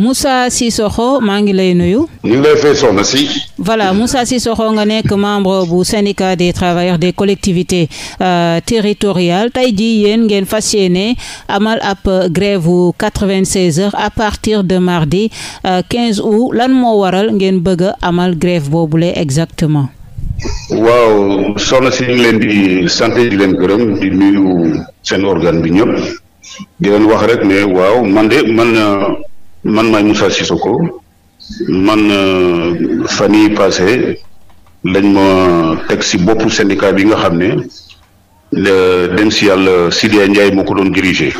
Moussa Cissokho maa ngi lay nuyu. ñu ngi lay fay soxna si. voilà Moussa Cissokho nga nekk membre bu syndicat des travailleurs des collectivités euh, territoriales tey jii yéen ngeen fas yéene amal ab grève bu 96 heures à partir de mardi 15 euh, août lan moo waral ngeen bëgg a amal grève boobule exactement. waaw soxna si leen di sant di leen gërëm di nuyu seen organe bi ñëpp di wax rek ne waaw man de man. Euh, man maay Moussa ko man euh, fan yii passé lañ ma teg si boppu syndicat bi nga xam ne dem si yàlla Sidya Ndiaye moo ko doon dirigé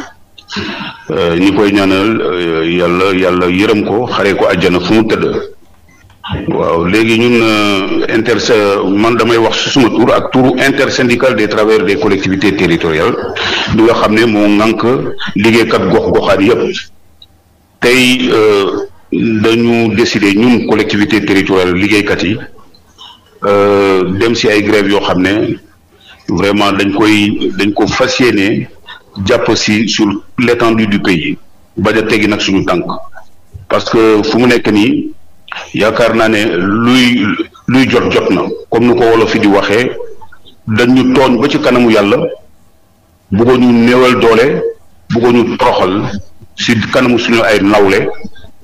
euh, ñi koy ñaanal euh, yàlla yàlla yërëm ko xaree ko àjjana fu mu tëdd waaw léegi ñun inter man damay wax su suma tur ak turu intersyndical des travailleurs de collectivité territorial bi nga xam ne moo ŋànk liggéeykat gox goxaan yëpp tey euh, dañu décider ñun collectivité territoriale liggéeykat yi euh, dem si ay grève yoo xam ne vraiment dañ koy dañ ko fas yéene jàpp si sur l'étendue du pays bañ a teggi nag suñu tànk parce que fu mu nekk nii yaakaar naa ne luy luy jot jot na comme nu ko wolof fi di waxee dañu tooñ ba ci kanamu yàlla bëggoon ñu néewal doole bëggoon ñu toroxal si kanamu suñu ay nawle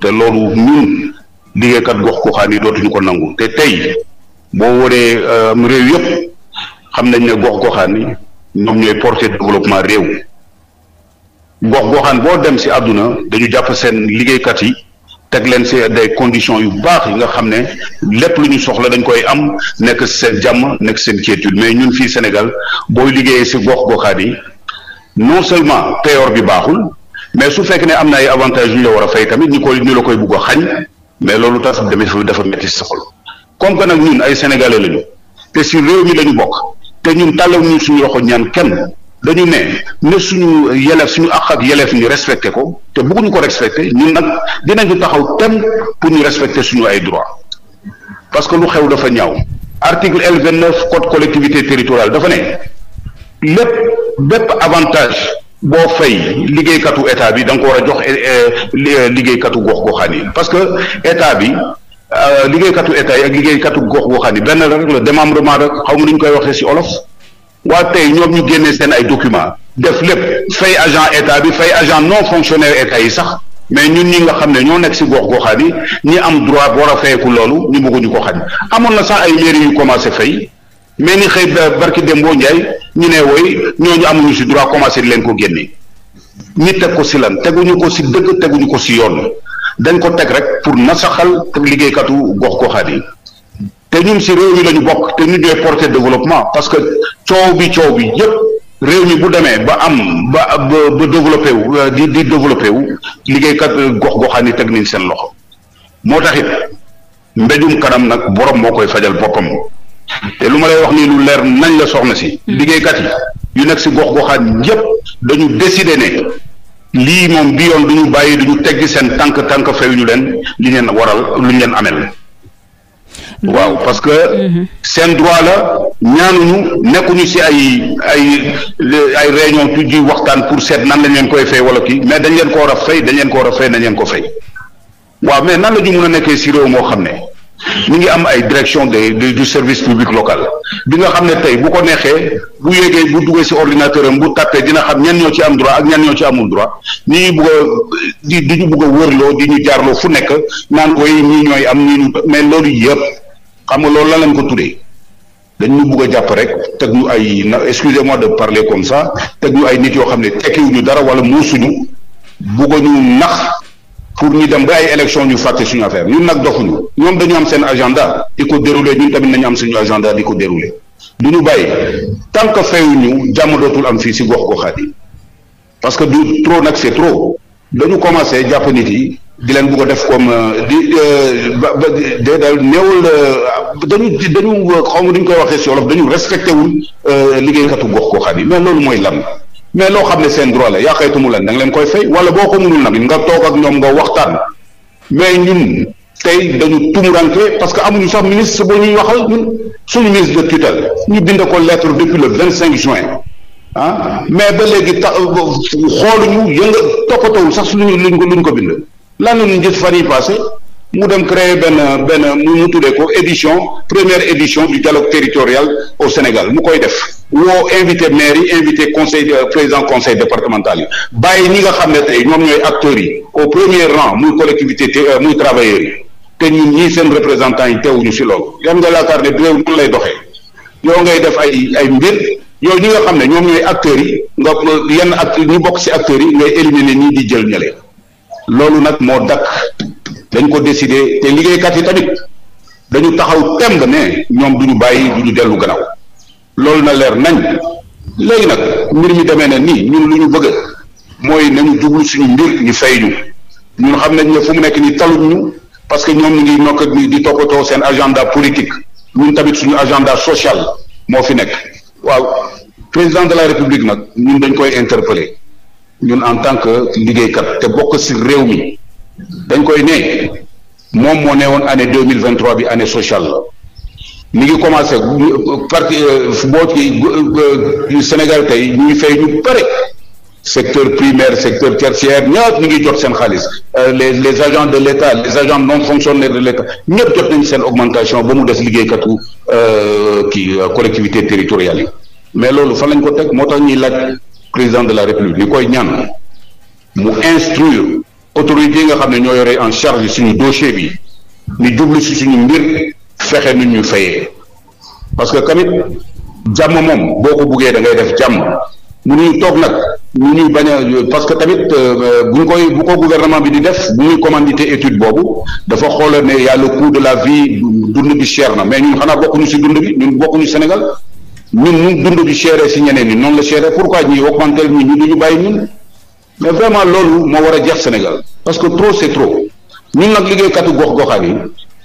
te loolu ñun liggéeykat gox goxaan yi dootuñu ko nangu te tey boo waree euh, réew yëpp xam nañ ne gox goxaan yi ñoom ñooy porter développement réew gox goxaan boo dem si àdduna dañu jàpp seen liggéeykat yi teg leen si des conditions yu baax yi nga xam ne lépp lu ñu soxla dañ koy am nekk seen jàmm nekk seen quiétude mais ñun fii Sénégal booy liggéeyee si gox goxaan yi non seulement teyor bi baaxul mais su fekk ne am na ay avantages yu ñu la war a fay tamit ñu koy ñu la koy bugg xañ mais loolu tas demee fi dafa métti si xol comme que nag ñun ay sénégalais lañu te si réew mi lañu bokk te ñun tàllaw ñu suñu loxo ñaan kenn dañu ne ne suñu yelef suñu àq ak yelef ñu respecté ko te bëgguñu ko respecté ñun nag dinañu taxaw tem pour ñu respecté suñu ay droit parce que lu xew dafa ñaaw article L vingt neuf code collectivité territoriale dafa ne lépp bépp avantage boo fay liggéeykatu état bi da ko war a jox eh, eh, eh, liggéeykatu gox goxaani parce que état bi euh, liggéeykatu état yi ak liggéeykatu gox goxaan yi benn la rek la démembrement rek xaw ma nu ñu koy waxee ci olof waa tey ñoom ñu génnee seen ay documents def lépp fay agent état bi fay agent non fonctionnaire état yi sax mais ñun ñi nga xam ne ñoo nekk ci gox goxaan yi ñi am droit war a fayeku loolu ñu bëgguñu ko xañ amoon na sax ay mairie yu commencé fay. mais ni xëy barki Dembo Ndiaye ñu ne woy ñu amuñu si droit commencé leen ko génne ñi teg ko si lan teguñu ko si dëgg teguñu ko si yoon dañ ko teg rek pour nasaxal liggéeykatu gox goxaat te ñun si réew mi la bokk te ñu développement parce que coow bi coow bi yëpp réew mi bu demee ba am ba ba développé wu euh, di di développé wu liggéeykat euh, gox goxaan yi teg nañ seen loxo moo taxit mbéjum kanam nag borom moo koy fajal boppam. te lu ma lay wax nii lu leer nañ la soxna si. Hmm. liggéeykat yi yu nekk si gox-goxaan yëpp dañu décider ne. lii moom bi yoon du ñu bàyyi du ñu tegg seen tànk tànk feyuñu leen li leen waral lu ñu leen amel waaw parce que hmm. seen droit la ñaanuñu nekkuñu ci ay ay ay réunion tu ji waxtaan pour seet nan lañ leen koy fay wala kii mais dañ leen ko war a fay dañ leen ko war a fay dañ leen ko fay waaw mais nan la ñu a nekkee ci réew moo xam ne mu ngi am ay direction des du service public local bi nga xam ne tey bu ko neexee bu yéegee bu duggee ci ordinateur am bu tàppee dina xam ñan ñoo ci am droit ak ñan ñoo ci amul droit ñi ñu bugg a di ñu bugg a wërloo di ñu jaarloo fu nekk naan koy ñii ñooy am ñii mais loolu yëpp xam nga loolu lan lañ ko tuddee dañ ñu bugg a jàpp rek teg ñu ay na excusez mois de parler comme ça teg ñu ay nit yoo xam ne tekkiwuñu dara wala muusuñu bugg ñu nax. pour ñu dem ba ay élection ñu fàtte suñu affaire ñun nag doxuñu ñoom dañu am seen agenda di ko déroulé ñun tamit nañu am suñu agenda di ko déroulé du ñu bàyyi tant que fayuñu jàmm dootul am fii si gox goxaat yi parce que du trop nag c'est trop dañu commencé jàpp nit yi di leen bugg a def comme euh, di de euh, daal néewul euh, dañu dañu xaw ma duñ koy waxee si olof dañu respecté wul liggéeykatu gox goxaat yi mais loolu mooy lan. mais loo xam ne seen droit la yàqeetu mu leen da nga leen koy fay wala boo ko mënul nag nga toog ak ñoom nga waxtaan mais ñun tey dañu tumuranke parce que amuñu sax ministre ba ñuy waxal ñun suñu ministre de tutelle ñu bind ko lettre depuis le vingt cinq juin ah mais ba léegi ta xooluñu yënga toppatawul sax suñu luñ ko luñ ko bind lan lañu gis fan yi passé mu dem créer benn benn mu tuddee ko édition première édition du dialogue teritorial au Sénégal mu koy def woo invité maire yi invité conseil président conseil départemental yi bàyyi ñi nga xam ne tey ñoom ñooy acteurs yi au premier rang muy collectivité te euh, muy travailleurs yi te ñun ñii seen représentant yi teewuñu si loolu yan nga laakaar ne réew noonu lay doxe yow ngay def ay ay mbir yow ñi nga xam ne ñoom ñooy acteurs yi nga yenn ak ñu bokk si acteurs yi ngay éliminer ñii di jël ñale loolu nag moo dakk dañ ko décider te liggéeykat yi tamit dañu taxaw temb ne ñoom duñu bàyyi duñu dellu gannaaw loolu na leer nañ léegi nag mbir mi demee na nii ñun lu ñu bëgg mooy nañu jublu suñu mbir ñu fay ñu ñun xam nañ ne fu mu nekk nii taluñ ñu parce que ñoom ñu ngi nokk ak di toppatoo seen agenda politique ñun tamit suñu agenda sociale moo fi nekk waaw président de la république nag ñun dañ koy interpeller ñun en tant que liggéeykat te bokk si réew mi dañ koy ne moom moo ne woon année deux mille vingt bi année sociale la mi ngi commencé parti boo euh, euh, euh, ci Sénégal tey ñuy fay ñu bëri secteur primaire secteur tertiaire ñëpp ñu ngi jot seen xaalis les les agents de l' état les agents non fonctionnaires de l' état jot nañ seen augmentation ba mu des liggéeykatu kii collectivité territoriale yi mais loolu fan lañ ko teg moo tax ñuy laaj président de la république ni koy ñaan mu instruire autorités yi nga xam ne ñoo yore en charge suñu dossier bi ñu jublu si suñu mbir. fexe nu ñu fayee parce que tamit jàmm moom boo ko buggee da ngay def jàmm mënuñu toog nag ñu ñuy bañ a parce que tamit euh, euh, bu ñu koy bu ko guvernement bi di def bu ñuy commandité étude boobu dafa xoola ne yàlla a de la vie dund bi cher na mais ñun xanaa bokkuñu si dund bi ñu bokkuñu Sénégal ñun ñun dund bi chéré si ñeneen ñi noonu la chéré pourquoi ñuy augmenter ñun ñu duñu bàyyi ñun mais vraiment loolu moo war a jeex Sénégal parce que trop c'est trop ñun nag liggéeykatu gox goxaan yi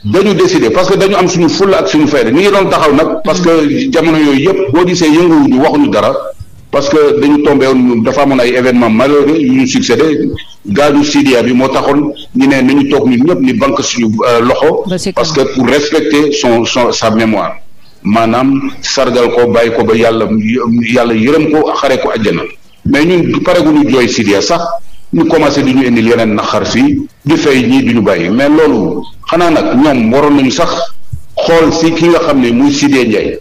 dañu décider parce que dañu am suñu fulla ak suñu fayda ni ngi doon taxaw nag parce que jamono yooyu yëpp boo gisee yënguwuñu waxuñu dara parce que dañu tombé woon dafa amoon ay événements malheureux yu ñu gaa gaañu Syria bi moo taxoon ñu ne nañu toog ñun ñëpp ni banque suñu euh, loxo. parce que pour respecter son son sa mémoire. maanaam sargal ko bàyyi ko ba yàlla yàlla yërëm ko xare ko àjjana. mais ñu ñun ñu jooy Syria sax ñu commencé di ñu indil yeneen naxar fii di fay ñii du ñu bàyyi mais loolu xanaa nag ñoom waroon nañu sax xool si ki nga xam ne muy Sidé Ndiaye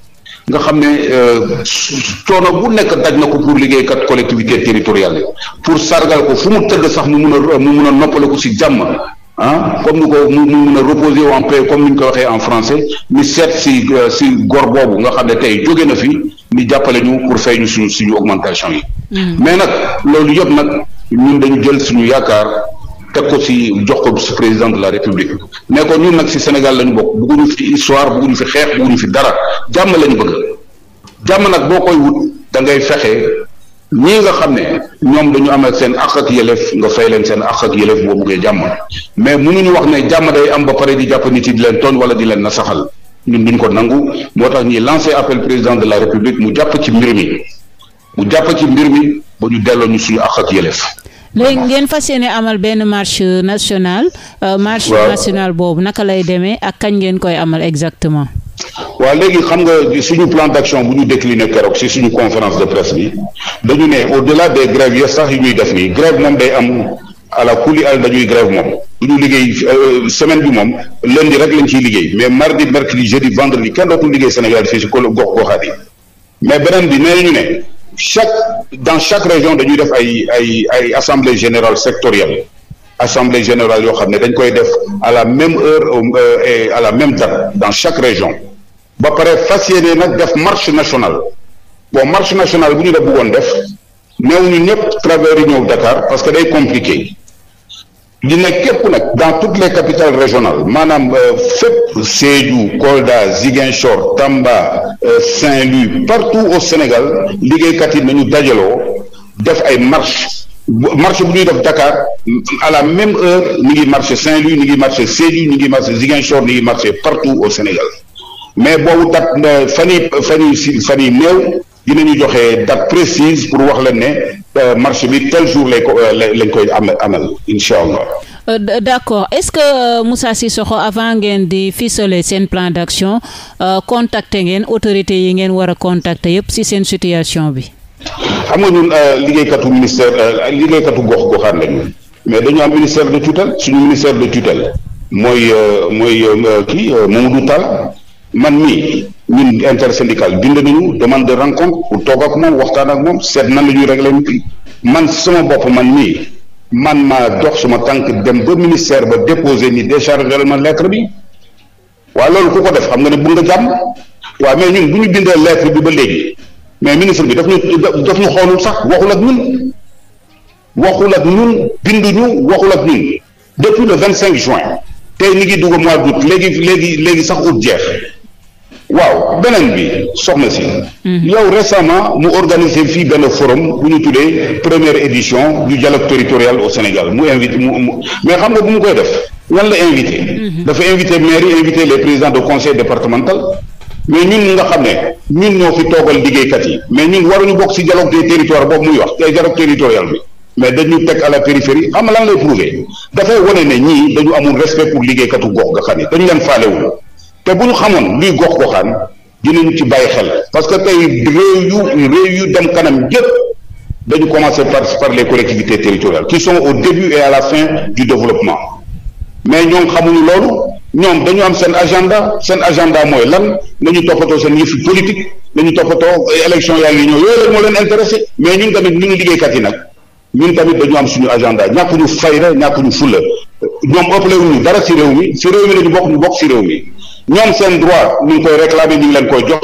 nga xam ne euh, coono bu nekk daj na ko pour kat collectivité territoriale yi pour sargal ko fu mu tëdd sax mu mun a mu mun a noppaleku si jàmm ah comme ni ko mu mun a reposer en paix comme ni ñu ko waxee en français ni seet si euh, si góor boobu nga xam ne tey jóge na fi ni jàppale ñu pour fay ñu suñu suñu augmentation yi mm. mais nag loolu yëpp nag ñun dañu jël suñu yaakaar teg ko ci jox ko su président de la république ne ko ñun nag ci Sénégal lañu bokk bëgguñu fi histoire bëgguñu fi xeex bëgguñu fi dara jàmm lañu bëgg jàmm nag boo koy wut da ngay fexe ñii nga xam ne ñoom dañu am ak seen àq ak nga fay leen seen àq ak boo buggee jàmm mais nu ñu wax ne jàmm day am ba pare di jàpp nit yi di leen tooñ wala di leen na saxal ñun duñ ko nangu moo tax ñuy lancé appel président de la république mu jàpp ci mbir mi mu jàpp ci mbir mi ba ñu delloo ñu suñu àq ak yëleef. léegi ngeen fas yéene amal benn marche nationale. Euh, marche nationale boobu naka lay demee ak kañ ngeen koy amal exactement. waaw léegi xam nga suñu plan d'action bu ñu décliné keroog si suñu conférence de presse bi dañu ne au-delà des grèves ya sax yu ñuy def nii grève moom day am ala kulli al dañuy grève moom du ñu liggéey euh, semaine bi moom lundi rek lañ ciy liggéey mais mardi mercredi jeudi vendredi kenn dootul liggéey Sénégal fii ci gox goxaat yi mais beneen bi ne chaque dans chaque région dañuy def ay ay ay assemblée générale sectorielle assemblée générale yoo xam ne dañ koy def à la même heure euh, et à la même date dans chaque région ba pare fas yéene nag def marche nationale bon marche nationale bu ñu def bëggoon def néew ñu ñëpp travers yi ñëw Dakar parce que day compliqué ñu ne képp nag dans toutes les capitales régionales maanaam euh, fépp Sédhiou Kolda Ziguinchor Tamba euh, Saint-Louis partout au Sénégal liggéeykat yi nañu dajaloo def ay marche marche bu ñuy def Dakar à la même heure ñu ngi marche Saint-Louis ñu ngi marché Sédhiou ñu ngi marché Ziguinchor ñu ngi marché partout au Sénégal mais boobu dat euh, fan yi fan yi néew dinañu joxe date précise pour wax leen ne euh, marché bi tel jour lay ko euh, lañ koy amal incha allah. Euh, d' accord est ce que si soxo avant ngeen di ficeler seen plan d' action contacter ngeen autorités yi ngeen war a contacter yëpp si seen situation bi. xam nga ñun liggéeykatu ministère liggéeykatu gox goxaan la ñun mais dañu am ministère de tutelle suñu ministère de tutelle mooy mooy kii Mamadou Tall man mii ñun intersyndical bind nañu demande de rencontre pour toog ak moom waxtaan ak moom seet na la ñuy régler man sama bopp man nii man ma dox suma tànk dem ba ministère ba déposé ni déchargé ma lettre bi waaye loolu ku ko def xam nga ne bu nga jàmm waaw mais ñun bu ñu bindee lettre bi ba léegi mais ministre bi daf ñu daf ñu xoolul sax waxul ak ñun waxul ak ñun binduñu waxul ak ñun depuis le vingt cinq juin tey ñu ngi dugg mois léegi léegi léegi sax jeex waaw beneen bi soxna si. Mhm. yow récemment mu organisé fii benn forum bu ñu tuddee première édition du dialogue territorial au Sénégal mu invité mu mais xam nga bu mu koy def ñan la invité. Mhm. dafa invité maire yi invité les présidents de conseil départemental mais ñun nga xam ne ñun ñoo fi toogal liggéeykat yi mais ñun waroon bokk ci dialogue des territoires boobu muy wax te dialogue territorial bi. mais dañu teg à la périphérie xam nga lan lay prouver dafay wane ne ñii dañu amul respect pour liggéeykatu gox nga xam ne dañu leen te bu ñu xamoon luy gox goxaan dinañ ci bàyyi xel parce que tey réew yu réew yu dem kanam yëpp dañu commencer par par les collectivités territoriales qui sont au début et à la fin du développement mais ñoom xamuñu loolu ñoom dañu am seen agenda seen agenda mooy lan nañu toppatoo seen yëfi politique nañu toppatoo élection yaa ngi ñëw yooyu rek moo leen intéressé mais ñun tamit ñun liggéeykat yi nag ñun tamit dañu am suñu agenda ñàkkuñu fayda ñàkkuñu fulla ñoom ëppalewuñu dara ci réew mi ci réew mi lañu bokk ñu bokk ci réew mi ñoom seen droit ñu ngi koy réclamer ñu ngi leen koy jox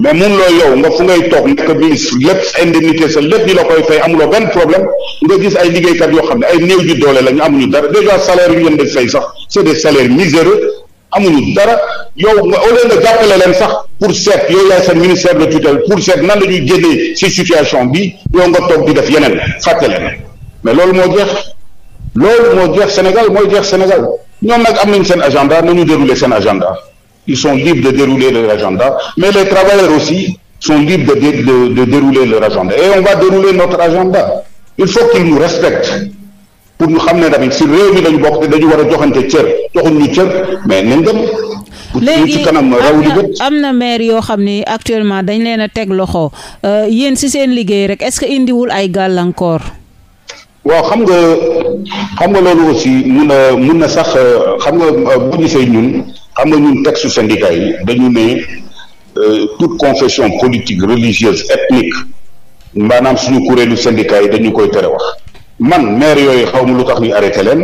mais mun loo yow nga fu ngay toog nekk ministre lépp sa indemnité sa lépp ñu la koy fay amuloo benn problème nga gis ay liggéeykat yoo xam ne ay néew ju doole la ñu amuñu dara déjà salaire yu ñu leen di fay sax c'est des salaires miséreux amuñu dara yow nga au lieu nga jàppale leen sax pour seet yow yaay seen ministère de tutelle pour seet nan la ñuy génnee ci situation bi yow nga toog di def yeneen fàtte leen mais loolu moo jeex loolu moo jeex Sénégal mooy jeex Sénégal ñoom nag am nañ seen agenda nañu dérouler seen agenda ils sont libres de dérouler leur agenda, mais les travailleurs aussi sont libres de, dé, de, de dérouler leur agenda. Et on va dérouler notre agenda. Il faut qu'ils nous respectent. pour ñu xam ne tamit si réew mi lañu bokk te dañu war a joxante cër joxuñ ñu cër mais nañ dem. léegi am na maire yoo xam ni actuellement dañ leen a teg loxo euh, yéen si seen liggéey rek est-ce que indiwul ay gàllankoor. waaw xam nga xam nga loolu aussi mun na mun na sax euh, xam nga euh, boo gisee xam nga ñun texte syndicat yi dañu ne euh, toute confession politique religieuse ethnique maanaam suñu kuréelu syndicat yi dañu koy tere wax man maire yooyu xaw ma lu tax ñu arrêté leen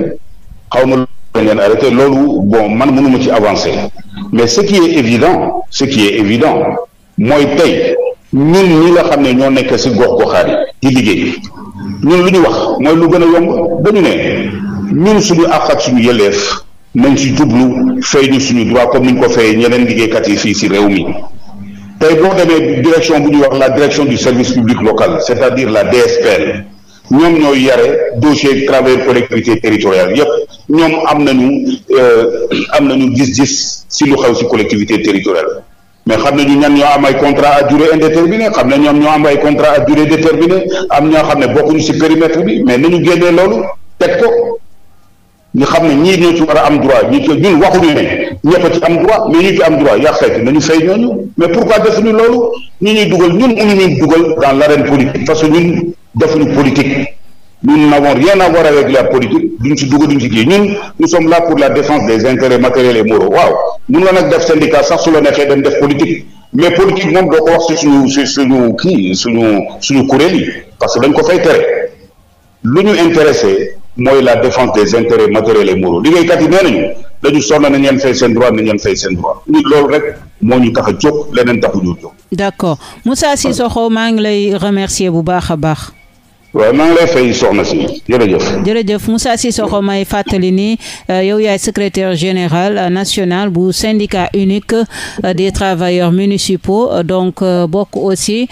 xaw ma lu tax leen arrêté loolu bon man mënuma ci avancer mais ce qui est évident ce qui est évident mooy tey ñun ñi la xam ne ñoo nekk ci gox goxaan yi di liggéey ñun lu ñu wax mooy lu gën a yomb dañu ne ñun suñu àq ak suñu yelleef nañ si jublu fay ñu suñu droit comme niñ ko fay ñeneen liggéeykat yi fii si réew mi tey boo demee direction bu ñu wax la direction du service public local c'est-à-dire la DSPL ñoom ñoo yare dossier travailleurs collectivité territoriale yépp ñoom am nañu euh, am nañu gis-gis si lu xew si collectivité territoriale mais xam nañu ñan ñoo am ay contrat à durée indéterminée xam ne ñoom ñoo am ay contrat à durée déterminée am ñoo xam ne bokkuñu si périmètre bi mais nañu génnee loolu teg ko ñu xam ne ñii ñoo ci war a am droit ñu ci ñun waxuñu ne ñëpp a am droit mais ñu ci am droit yaa xeeti nañu fay ñooñu mais pourquoi defuñu loolu ñi ñuy dugal ñun mënuñu dugal dans l'arène politique parce que ñun defuñu politique na n'avons rien à voir avec la politique duñ ci dugg duñ ci kii ñun nous sommes là pour la défense des intérêts matériels et moraux waaw mun nga nag def syndicat sax su la neexee dem def politique mais politique moom doo ko wax ci suñu ci suñu kii suñu suñu kuréel parce que dañ ko fay tere lu ñu intéressé mooy la défense des intérêts matériels et moraux liggéeykat yi nee nañu dañu sonn na ngeen seen droit na ngeen seen droit ñu loolu rek moo ñu tax a jóg leneen taxu ñu jóg. d'accord Moussa Cissokho maa ngi lay remercier bu baax a baax. waaw maa ngi lay fay soxna si jërëjëf. jërëjëf Moussa Cissokho may fàttali ni euh, yow yaay secrétaire général euh, national bu syndicat unique euh, des travailleurs municipaux donc bokk aussi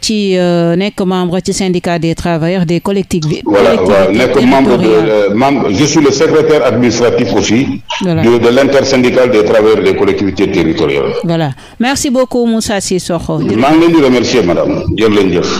ci nekk membre ci syndicat des travailleurs des collectivités. voilà waaw nekk membre de membre je suis le secrétaire administratif aussi. voilà de de l'intersyndicale des travailleurs des collectivités territoriales. voilà merci beaucoup Moussa Cissokho. maa ngi leen di remercier madame jërë leen jëf.